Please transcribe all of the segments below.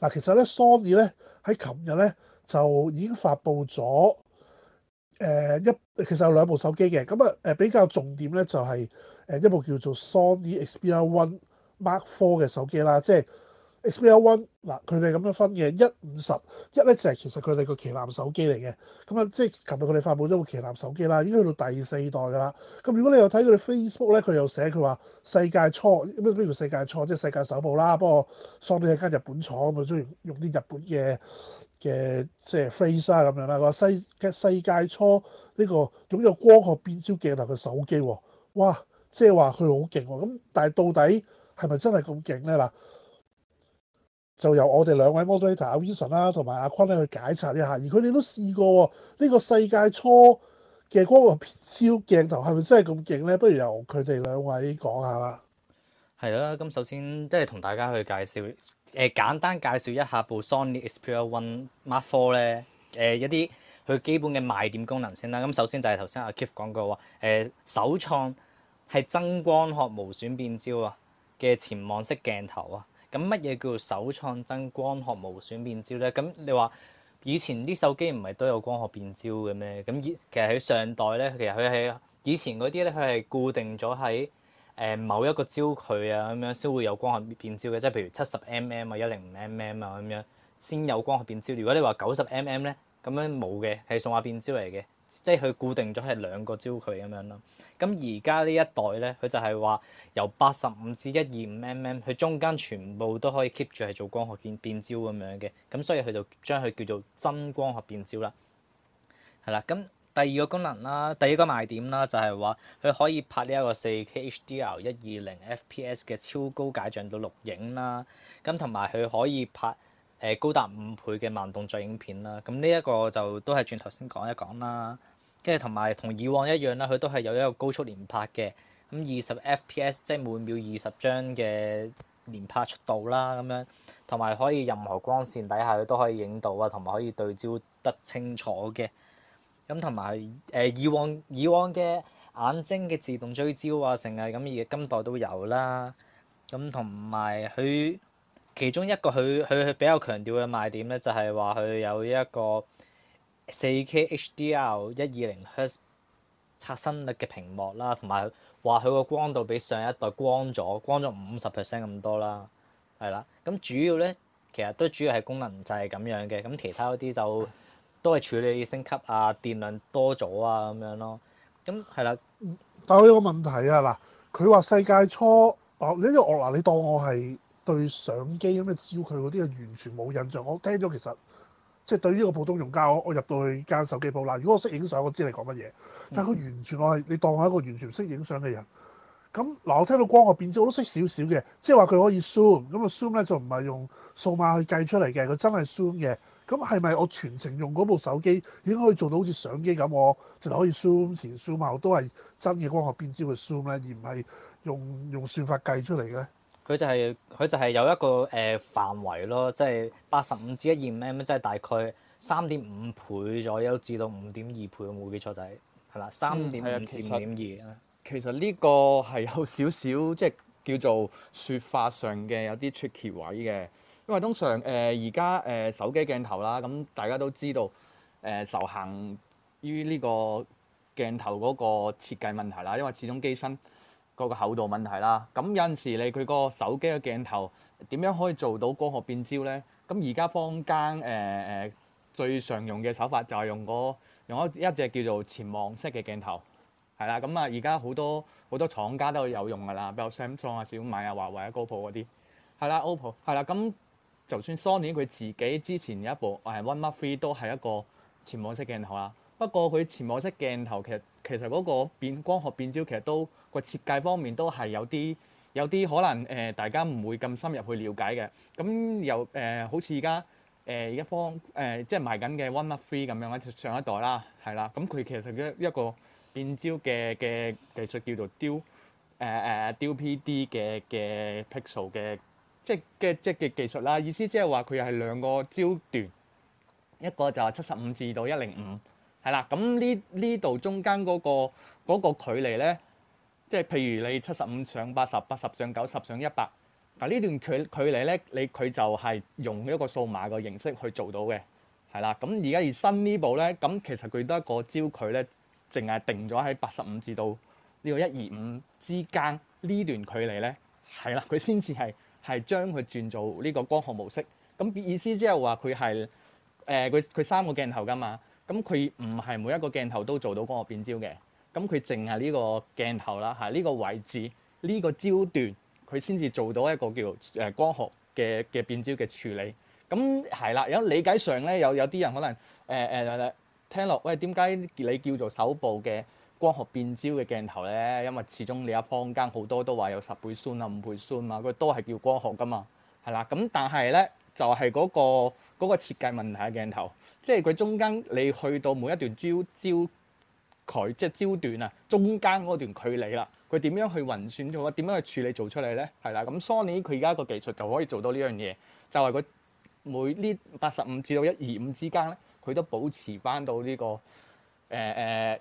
嗱，其實咧，Sony 咧喺琴日咧就已經發布咗誒一，其實有兩部手機嘅，咁啊誒比較重點咧就係誒一部叫做 Sony Xperia One Mark Four 嘅手機啦，即係。Xperia One 嗱，佢哋咁樣分嘅一五十一咧，1, 50, 1, 就係其實佢哋個旗艦手機嚟嘅。咁啊，即係琴日佢哋發布咗部旗艦手機啦，已經去到第四代噶啦。咁如果你有睇佢哋 Facebook 咧，佢又寫佢話世界初咩咩叫世界初，即係世界首部啦。不過 Sony 一間日本廠，咁咪中意用啲日本嘅嘅即係 phrase 啊咁樣啦。話世世界初呢個擁有光學變焦鏡頭嘅手機，哇！即係話佢好勁喎。咁但係到底係咪真係咁勁咧？嗱。就由我哋兩位 moderator 阿 Vinson 啦，同埋阿坤咧去解拆一下，而佢哋都試過喎。呢、這個世界初嘅光學變焦鏡頭係咪真係咁勁咧？不如由佢哋兩位講下啦。係啦，咁首先即係同大家去介紹，誒、呃、簡單介紹一下部 Sony Xperia One Mark IV 咧，誒、呃、一啲佢基本嘅賣點功能先啦。咁首先就係頭先阿 Kif 講過話、呃，首創係真光學無損變焦啊嘅潛望式鏡頭啊。咁乜嘢叫做首創真光學無損變焦咧？咁你話以前啲手機唔係都有光學變焦嘅咩？咁其實喺上代咧，其實佢係以前嗰啲咧，佢係固定咗喺誒某一個焦距啊咁樣先會有光學變焦嘅，即係譬如七十 mm 啊、一零五 mm 啊咁樣先有光學變焦。如果你話九十 mm 咧，咁樣冇嘅係數碼變焦嚟嘅。即係佢固定咗係兩個焦距咁樣咯。咁而家呢一代咧，佢就係話由八十五至一二五 mm，佢中間全部都可以 keep 住係做光學變焦咁樣嘅。咁所以佢就將佢叫做真光學變焦啦。係啦。咁第二個功能啦，第二個賣點啦，就係話佢可以拍呢一個 4K HDR 一二零 FPS 嘅超高解像度錄影啦。咁同埋佢可以拍。誒高達五倍嘅慢動作影片啦，咁呢一個就都係轉頭先講一講啦，跟住同埋同以往一樣啦，佢都係有一個高速連拍嘅，咁二十 FPS 即係每秒二十張嘅連拍速度啦，咁樣同埋可以任何光線底下佢都可以影到啊，同埋可以對焦得清楚嘅，咁同埋誒以往以往嘅眼睛嘅自動追焦啊，成日咁而今代都有啦，咁同埋佢。其中一個佢佢比較強調嘅賣點咧，就係話佢有一個 4K HDR 120Hz 刷新率嘅屏幕啦，同埋話佢個光度比上一代光咗光咗五十 percent 咁多啦，係啦。咁主要咧，其實都主要係功能就係咁樣嘅，咁其他嗰啲就都係處理升級啊，電量多咗啊咁樣咯。咁係啦，但係我有個問題啊，嗱，佢話世界初，哦，呢個我嗱，你當我係？對相機咁樣照佢嗰啲，係完全冇印象。我聽咗其實，即係對於呢個普通用家，我我入到去間手機鋪啦。如果我識影相，我知你講乜嘢。但係佢完全我係你當我係一個完全唔識影相嘅人。咁嗱，我聽到光學變焦我都識少少嘅，即係話佢可以 zoom 咁啊 zoom 咧就唔係用數碼去計出嚟嘅，佢真係 zoom 嘅。咁係咪我全程用嗰部手機已經可以做到好似相機咁？我就可以 zoom 前,前 zoom 後都係真嘅光學變焦嘅 zoom 咧，而唔係用用算法計出嚟嘅咧？佢就係、是，佢就係有一個誒、呃、範圍咯，即係八十五至一二五 mm，即係大概三點五倍左右至到五點二倍，我冇記錯就係係啦，三點五至五點二。其實呢個係有少少即係叫做説法上嘅有啲 tricky 位嘅，因為通常誒而家誒手機鏡頭啦，咁大家都知道誒、呃、受限於呢個鏡頭嗰個設計問題啦，因為始終機身。個個厚度問題啦，咁有陣時你佢個手機嘅鏡頭點樣可以做到光學變焦呢？咁而家坊間誒誒、呃、最常用嘅手法就係用個用一隻叫做潛望式嘅鏡頭，係啦，咁啊而家好多好多廠家都有用噶啦，比如 Samsung 啊、小米啊、華為啊、GoPro 嗰啲，係啦、OPPO，係啦，咁就算 Sony 佢自己之前一部誒 One Mark III 都係一個潛望式鏡頭啦。不過佢潛望式鏡頭其實～其實嗰個變光學變焦其實都個設計方面都係有啲有啲可能誒、呃，大家唔會咁深入去了解嘅。咁有誒，好似而家誒一方誒、呃，即係賣緊嘅 One Three 咁樣啦，上一代啦，係啦。咁、嗯、佢其實嘅一個變焦嘅嘅技術叫做 Dual Dual、呃、Dual PD 嘅嘅 pixel 嘅，即係嘅即係嘅技術啦。意思即係話佢又係兩個焦段，一個就係七十五至到一零五。係啦，咁呢呢度中間嗰個嗰個距離呢，即係譬如你七十五上八十，八十上九十上一百，嗱呢段距距離呢，你佢就係用一個數碼嘅形式去做到嘅，係啦。咁而家而新呢部呢，咁其實佢都一個焦距呢，淨係定咗喺八十五至到呢個一二五之間呢段距離呢，係啦，佢先至係係將佢轉做呢個光學模式。咁意思即係話佢係誒佢佢三個鏡頭㗎嘛。咁佢唔係每一個鏡頭都做到光學變焦嘅，咁佢淨係呢個鏡頭啦，係、這、呢個位置呢、這個焦段，佢先至做到一個叫誒光學嘅嘅變焦嘅處理。咁係啦，有、嗯嗯嗯、理解上咧，有有啲人可能誒誒、呃、聽落，喂點解你叫做首部嘅光學變焦嘅鏡頭咧？因為始終你一坊間好多都話有十倍酸啊、五倍酸啊，佢都係叫光學㗎嘛，係、嗯、啦。咁、嗯、但係咧，就係、是、嗰、那個。嗰個設計問題嘅鏡頭，即係佢中間你去到每一段焦焦距，即係焦段啊，中間嗰段距離啦，佢點樣去運算做啊？佢點樣去處理做出嚟咧？係啦，咁 Sony 佢而家個技術就可以做到呢樣嘢，就係、是、佢每呢八十五至到一二五之間咧，佢都保持翻到呢、這個誒誒、呃呃、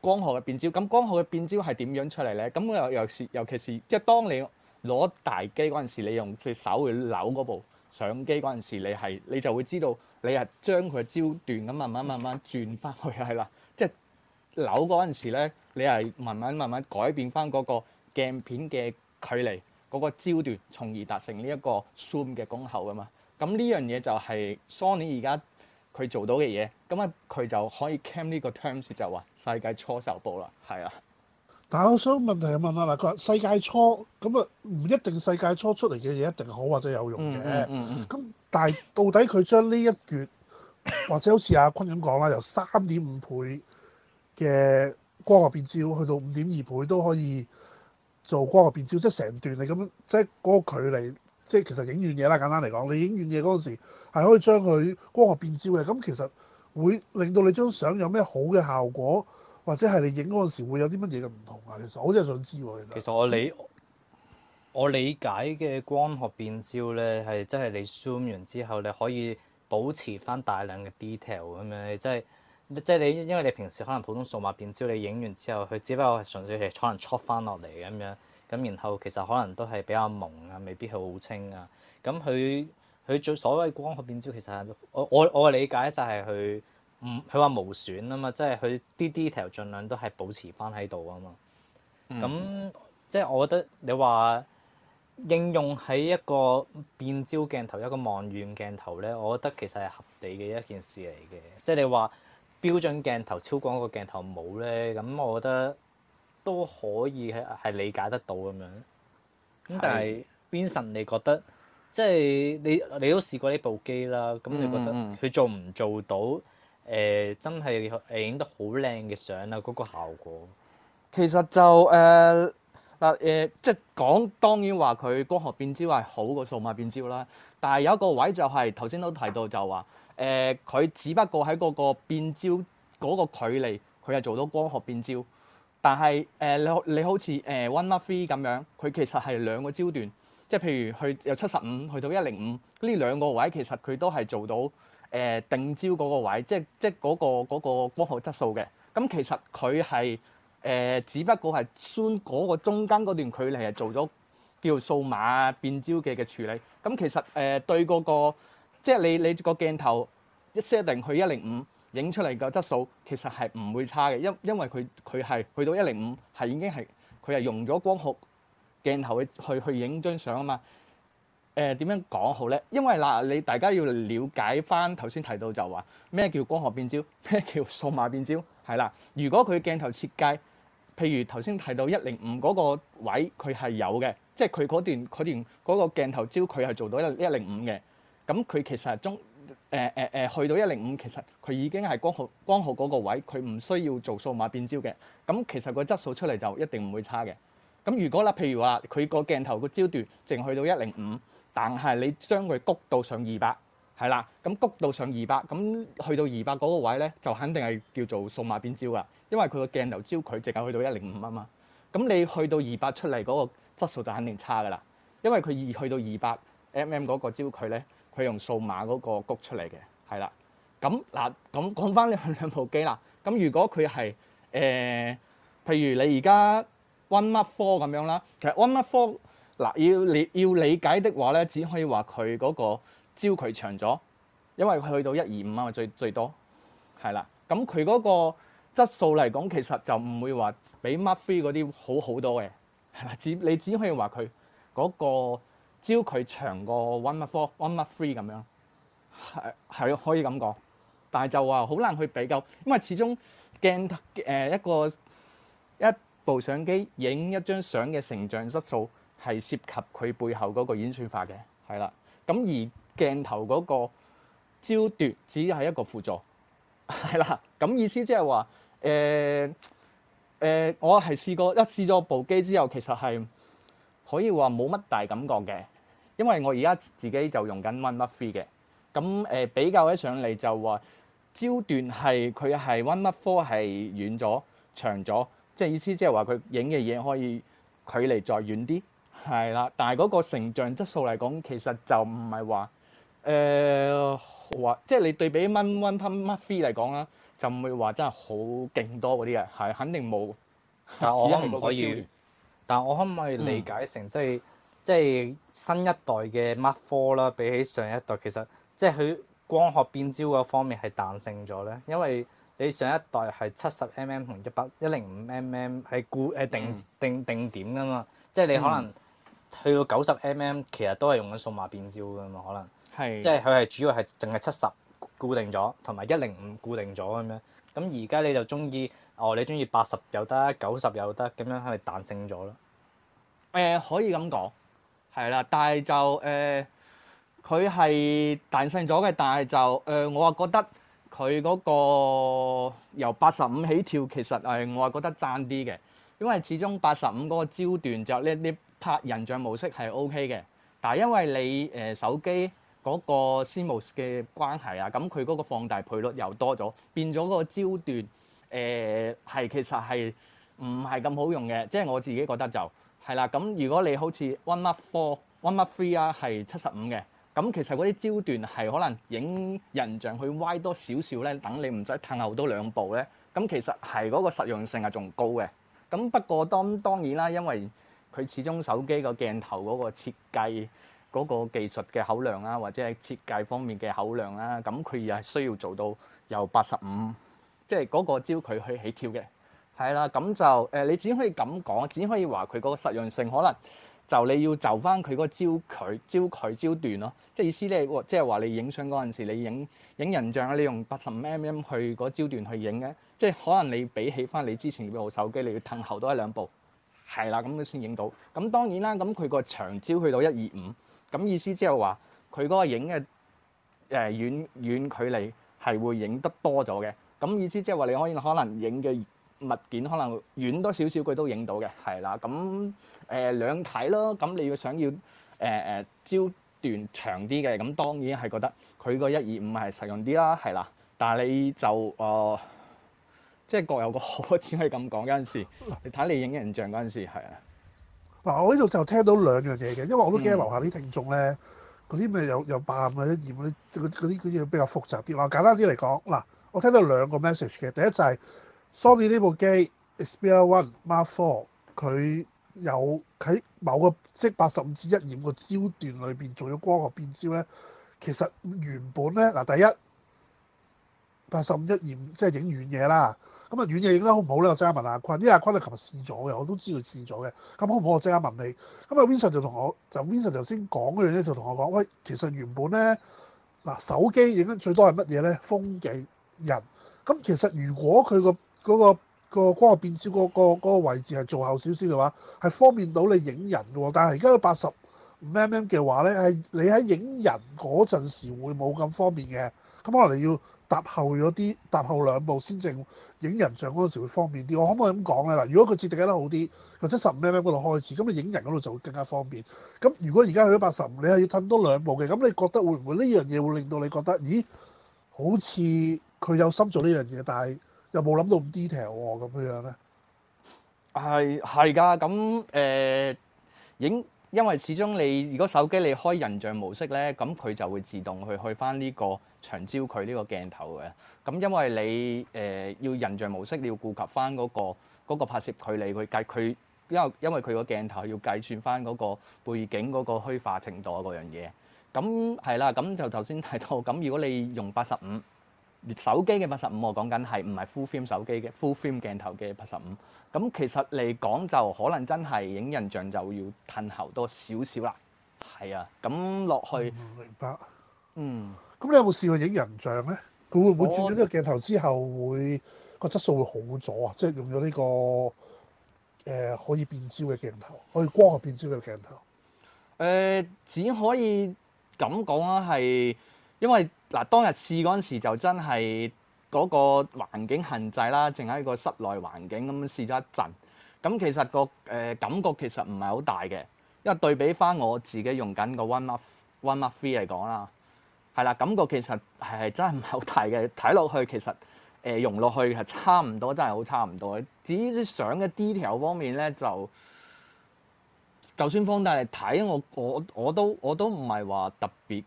光學嘅變焦。咁光學嘅變焦係點樣出嚟咧？咁又又尤其是即係當你攞大機嗰陣時，你用隻手去扭嗰部。相機嗰陣時你，你係你就會知道，你係將佢嘅焦段咁慢慢慢慢轉翻去係啦，即係扭嗰陣時咧，你係慢慢慢慢改變翻嗰個鏡片嘅距離，嗰、嗰個焦段，從而達成呢一個 zoom 嘅功效啊嘛。咁呢樣嘢就係 Sony 而家佢做到嘅嘢，咁啊佢就可以 cam 呢個 terms 就話世界初首報啦，係啊。但我想問題係問下嗱，佢話世界初咁啊，唔一定世界初出嚟嘅嘢一定好或者有用嘅。咁、嗯嗯、但係到底佢將呢一橛 或者好似阿坤咁講啦，由三點五倍嘅光學變焦去到五點二倍都可以做光學變焦，即係成段你咁樣，即係嗰個距離，即係其實影遠嘢啦。簡單嚟講，你影遠嘢嗰陣時係可以將佢光學變焦嘅，咁其實會令到你張相有咩好嘅效果？或者係你影嗰陣時會有啲乜嘢嘅唔同啊？其實我真係想知喎。其實我理我理解嘅光學變焦咧係真係你 zoom 完之後，你可以保持翻大量嘅 detail 咁樣，即係即係你因為你平時可能普通數碼變焦你影完之後，佢只不過係純粹係可能縮翻落嚟咁樣，咁然後其實可能都係比較朦啊，未必係好清啊。咁佢佢最所謂光學變焦其實我我我嘅理解就係佢。唔，佢話無損啊嘛，即係佢啲 detail 盡量都係保持返喺度啊嘛。咁、嗯、即係我覺得你話應用喺一個變焦鏡頭、一個望遠鏡頭咧，我覺得其實係合理嘅一件事嚟嘅。即係你話標準鏡頭、超廣角鏡頭冇咧，咁我覺得都可以係理解得到咁樣。咁但係是、嗯、Vincent，你覺得即係你你都試過呢部機啦，咁你覺得佢做唔做到？誒、呃、真係影得好靚嘅相啊！嗰、那個效果其實就誒嗱誒，即係講當然話佢光學變焦係好過數碼變焦啦。但係有一個位就係頭先都提到就話誒，佢、呃、只不過喺嗰個變焦嗰個距離，佢係做到光學變焦。但係誒、呃、你好你好似誒 One Mark Three 咁樣，佢其實係兩個焦段，即係譬如去由七十五去到一零五，呢兩個位其實佢都係做到。誒、呃、定焦嗰個位，即係即係、嗰、嗰、個嗰個光學質素嘅。咁、嗯、其實佢係誒，只不過係酸嗰個中間嗰段距離係做咗叫做數碼變焦嘅嘅處理。咁、嗯、其實誒、呃、對嗰、嗰個，即係你你個鏡頭一 set 定去一零五影出嚟嘅質素，其實係唔會差嘅。因因為佢佢係去到一零五係已經係佢係用咗光學鏡頭去去去影張相啊嘛。誒點、呃、樣講好咧？因為嗱，你大家要了解返頭先提到就話咩叫光學變焦，咩叫數碼變焦，係啦。如果佢鏡頭設計，譬如頭先提到一零五嗰個位，佢係有嘅，即係佢嗰段佢段嗰、嗰個鏡頭焦距，佢係做到一一零五嘅。咁佢其實中誒誒誒去到一零五，其實佢已經係光學光學嗰個位，佢唔需要做數碼變焦嘅。咁其實個質素出嚟就一定唔會差嘅。咁如果嗱，譬如話佢個鏡頭個焦段淨去到一零五。但係你將佢谷到上二百，係啦，咁谷到上二百，咁去到二百嗰個位咧，就肯定係叫做數碼變焦啦，因為佢個鏡頭焦距淨係去到一零五 mm 嘛，咁你去到二百出嚟嗰個質素就肯定差噶啦，因為佢二去到二百 mm 嗰個焦距咧，佢用數碼嗰個谷出嚟嘅，係啦，咁嗱，咁講翻你去兩部機啦，咁如果佢係誒，譬如你而家1 Mark 4咁樣啦，其實1 Mark 4。嗱，要理要理解的話咧，只可以話佢嗰個焦距長咗，因為佢去到一、二、五啊，嘛最最多係啦。咁佢嗰個質素嚟講，其實就唔會話比 Mark Three 啲好好多嘅係啦。只你只可以話佢嗰個焦距長過 One Mark Four、One Mark Three 咁樣係係可以咁講，但係就話好難去比較，因為始終鏡誒、呃、一個一部相機影一張相嘅成像質素。係涉及佢背後嗰個演算法嘅，係啦。咁而鏡頭嗰個焦段只係一個輔助，係啦。咁、嗯、意思即係話，誒、呃、誒、呃，我係試過一、啊、試咗部機之後，其實係可以話冇乜大感覺嘅，因為我而家自己就用緊 One Mark 3嘅。咁誒、嗯呃、比較起上嚟就話焦段係佢係 One Mark 4係遠咗長咗，即係意思即係話佢影嘅嘢可以距離再遠啲。係啦，但係嗰個成像質素嚟講，其實就唔係話誒話，即、呃、係、就是、你對比 One Mark Three 嚟講啦，就唔會話真係好勁多嗰啲嘅，係肯定冇。但我可唔可以？但我可唔可以理解成即係即係新一代嘅 Mark Four 啦？比起上一代，其實即係佢光學變焦嗰方面係彈性咗咧，因為你上一代係七十 mm 同一百一零五 mm 係固定、嗯、定定點㗎嘛，即係你可能。嗯去到九十 mm，其實都係用緊數碼變焦㗎嘛。可能的即係佢係主要係淨係七十固定咗，同埋一零五固定咗咁樣。咁而家你就鍾意哦，你鍾意八十又得，九十又得，咁樣係咪彈性咗咯？誒、呃，可以咁講係啦，但係就誒佢係彈性咗嘅，但係就誒、呃、我又覺得佢嗰個由八十五起跳，其實誒我係覺得爭啲嘅，因為始終八十五嗰個焦段就呢啲。拍人像模式係 O K 嘅，但係因為你誒手機嗰個 CMOS 嘅關係啊，咁佢嗰個放大倍率又多咗，變咗嗰個焦段誒係、呃、其實係唔係咁好用嘅。即係我自己覺得就係啦。咁如果你好似 One Mark Four、One Mark Three 啊，係七十五嘅咁，其實嗰啲焦段係可能影人像去歪多少少咧，等你唔使褪後多兩步咧，咁其實係嗰個實用性係仲高嘅。咁不過當當然啦，因為。佢始終手機個鏡頭嗰個設計嗰個技術嘅口量啦，或者係設計方面嘅口量啦，咁佢又係需要做到由八十五，即係嗰個焦距去起跳嘅，係啦，咁就誒、呃，你只可以咁講，只可以話佢嗰個實用性可能就你要就翻佢嗰個焦距焦距焦段咯，即係意思咧，即係話你影相嗰陣時，你影影人像啊，你用八十五 mm 去嗰焦段去影嘅，即係可能你比起翻你之前嗰部手機，你要褪後多一兩步。係啦，咁佢先影到。咁當然啦，咁佢個長焦去到一二五，咁意思即係話佢嗰個影嘅誒遠遠距離係會影得多咗嘅。咁意思即係話你可以可能影嘅物件可能遠多少少佢都影到嘅。係啦，咁、嗯、誒、呃、兩睇咯。咁、嗯、你要想要誒誒、呃、焦段長啲嘅，咁當然係覺得佢個一二五係實用啲啦。係啦，但係你就誒。呃即係各有個開可以咁講嗰陣時。你睇你影人像嗰陣時，係啊。嗱，我呢度就聽到兩樣嘢嘅，因為我都驚樓下啲聽眾咧，嗰啲咪有有爆啊、一染嗰啲、嗰嗰啲嘢比較複雜啲。我簡單啲嚟講，嗱，我聽到兩個 message 嘅。第一就係 Sony 呢部機 Xperia One Mark IV 佢有喺某個即八十五至一染嘅焦段裏邊做咗光學變焦咧，其實原本咧嗱，第一八十五一染即係影遠嘢啦。咁啊遠嘢影得好唔好咧？我即刻問阿坤，因為阿坤你琴日試咗嘅，我都知道試咗嘅。咁好唔好？我即刻問你。咁啊 Vincent 就同我，就 Vincent 頭先講嗰樣就同我講，喂，其實原本咧嗱，手機影得最多係乜嘢咧？風景人。咁其實如果佢、嗰個嗰、嗰個嗰、嗰個、光學變焦嗰、嗰個嗰個位置係做後少少嘅話，係方便到你影人嘅喎。但係而家佢八十 5mm 嘅話咧，係你喺影人嗰陣時會冇咁方便嘅，咁可能你要踏後咗啲，踏後兩步先正影人像嗰陣時會方便啲。我可唔可以咁講咧？嗱，如果佢設定得好啲，由七十五 mm 嗰度開始，咁你影人嗰度就會更加方便。咁如果而家去咗八十五，你係要褪多兩步嘅，咁你覺得會唔會呢樣嘢會令到你覺得，咦？好似佢有心做呢樣嘢，但係又冇諗到咁 detail 喎，咁樣咧？係係㗎，咁誒影。呃因為始終你如果手機你開人像模式咧，咁佢就會自動去去翻呢個長焦距呢個鏡頭嘅。咁因為你誒、呃、要人像模式，你要顧及翻嗰個嗰個拍攝距離，去計佢因為因為佢個鏡頭要計算翻嗰個背景嗰個虛化程度嗰樣嘢。咁係啦，咁就頭先提到，咁如果你用八十五。手機嘅八十五，我講緊係唔係 full frame 手機嘅 full frame 鏡頭嘅八十五。咁其實嚟講就可能真係影人像就要褪後多少少啦。係啊，咁落去。唔明白。嗯。咁、嗯、你有冇試過影人像咧？佢會唔會轉咗呢個鏡頭之後會，會個質素會好咗啊？即、就、係、是、用咗呢、這個誒、呃、可以變焦嘅鏡頭，可以光學變焦嘅鏡頭。誒、呃，只可以咁講啦，係因為。嗱，當日試嗰陣時就真係嗰個環境限制啦，淨喺個室內環境咁試咗一陣。咁其實個誒、呃、感覺其實唔係好大嘅，因為對比翻我自己用緊個 One Mark One Mark Three 嚟講啦，係啦，感覺其實係真係唔係好大嘅。睇落去其實誒用落去係差唔多，真係好差唔多。至於啲相嘅 detail 方面咧，就就算放大嚟睇，我我我都我都唔係話特別。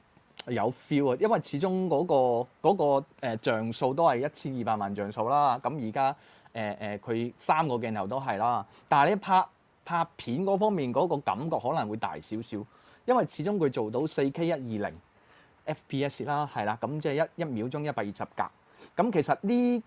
有 feel 啊，因為始終嗰個嗰個呃，像素都係一千二百萬像素啦。咁而家誒誒佢三個鏡頭都係啦，但係你拍拍片嗰方面嗰個感覺可能會大少少，因為始終佢做到四 K 一二零 fps 啦，係啦，咁即係一一秒鐘一百二十格。咁其實呢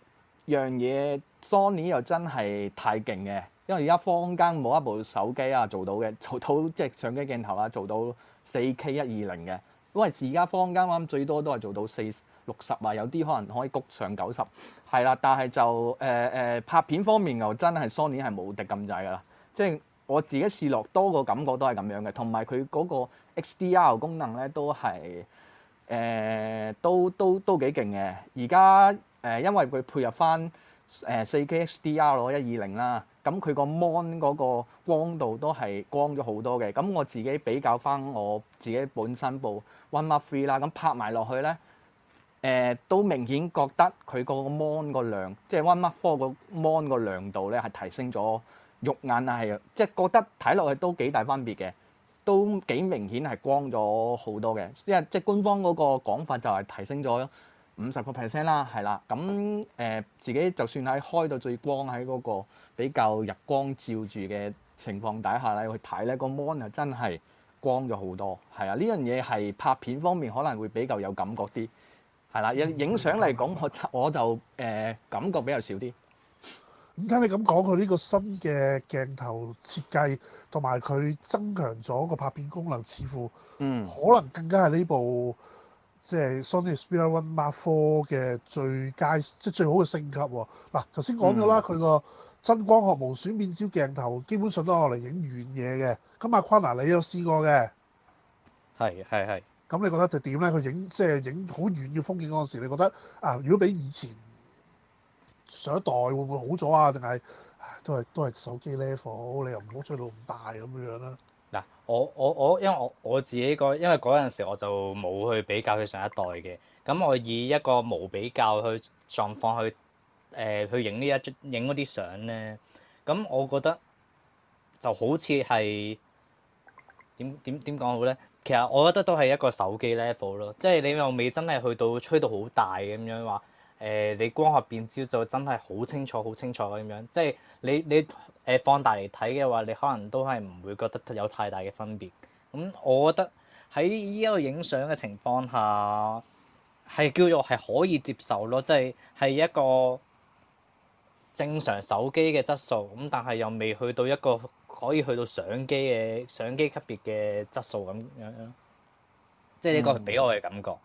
樣嘢 Sony 又真係太勁嘅，因為而家坊間冇一部手機啊做到嘅，做到即係相機鏡頭啊做到四 K 一二零嘅。如果係自家方剛啱，最多都係做到四六十啊，有啲可能可以谷上九十係啦，但係就誒誒、呃呃、拍片方面又真係 Sony 係冇敵咁滯噶啦，即係我自己試落多個感覺都係咁樣嘅，同埋佢嗰個 HDR 功能咧都係誒、呃、都都都幾勁嘅。而家誒因為佢配合翻誒四 K HDR 囉一二零啦。咁佢個 mon 嗰個光度都係光咗好多嘅。咁我自己比較翻我自己本身部 One Mark Three 啦，咁拍埋落去咧，誒都明顯覺得佢嗰個 mon 個亮，即係 One Mark Four 個 mon 個亮度咧係提升咗。肉眼係即係覺得睇落去都幾大分別嘅，都幾明顯係光咗好多嘅。因為即係官方嗰個講法就係提升咗五十個 percent 啦，係啦，咁、嗯、誒、呃、自己就算喺開到最光喺嗰個比較日光照住嘅情況底下咧，去睇咧個 mon 就真係光咗好多，係啊，呢樣嘢係拍片方面可能會比較有感覺啲，係啦，影影相嚟講，我我就誒、呃、感覺比較少啲。咁、嗯、聽你咁講，佢呢個新嘅鏡頭設計同埋佢增強咗個拍片功能，似乎嗯可能更加係呢部，即係 Sony Xperia One Mark 4嘅最佳，即係最好嘅升級喎、啊。嗱、啊，頭先講咗啦，佢個、嗯、真光學無損變焦鏡頭，基本上都係用嚟影遠嘢嘅。咁阿坤啊，wan，你有試過嘅？係係係。咁你覺得就點咧？佢影即係影好遠嘅風景嗰陣時，你覺得，你覺得啊，如果比以前上一代會唔會好咗啊？定係、啊、都係都係手機 level，你又唔好吹到咁大咁樣啦、啊。我我我，因為我我自己個，因為嗰陣時我就冇去比較佢上一代嘅，咁我以一個無比較去狀況去，誒、呃、去影呢一張影嗰啲相咧，咁我覺得就好似係點點點講好咧，其實我覺得都係一個手機 level 咯，即係你又未真係去到吹到好大咁樣話。誒、呃，你光學變焦就真係好清楚，好清楚咁樣，即係你你誒放大嚟睇嘅話，你可能都係唔會覺得有太大嘅分別。咁、嗯、我覺得喺依一個影相嘅情況下，係叫做係可以接受咯，即係係一個正常手機嘅質素。咁但係又未去到一個可以去到相機嘅相機級別嘅質素咁樣，即係呢個俾我嘅感覺。嗯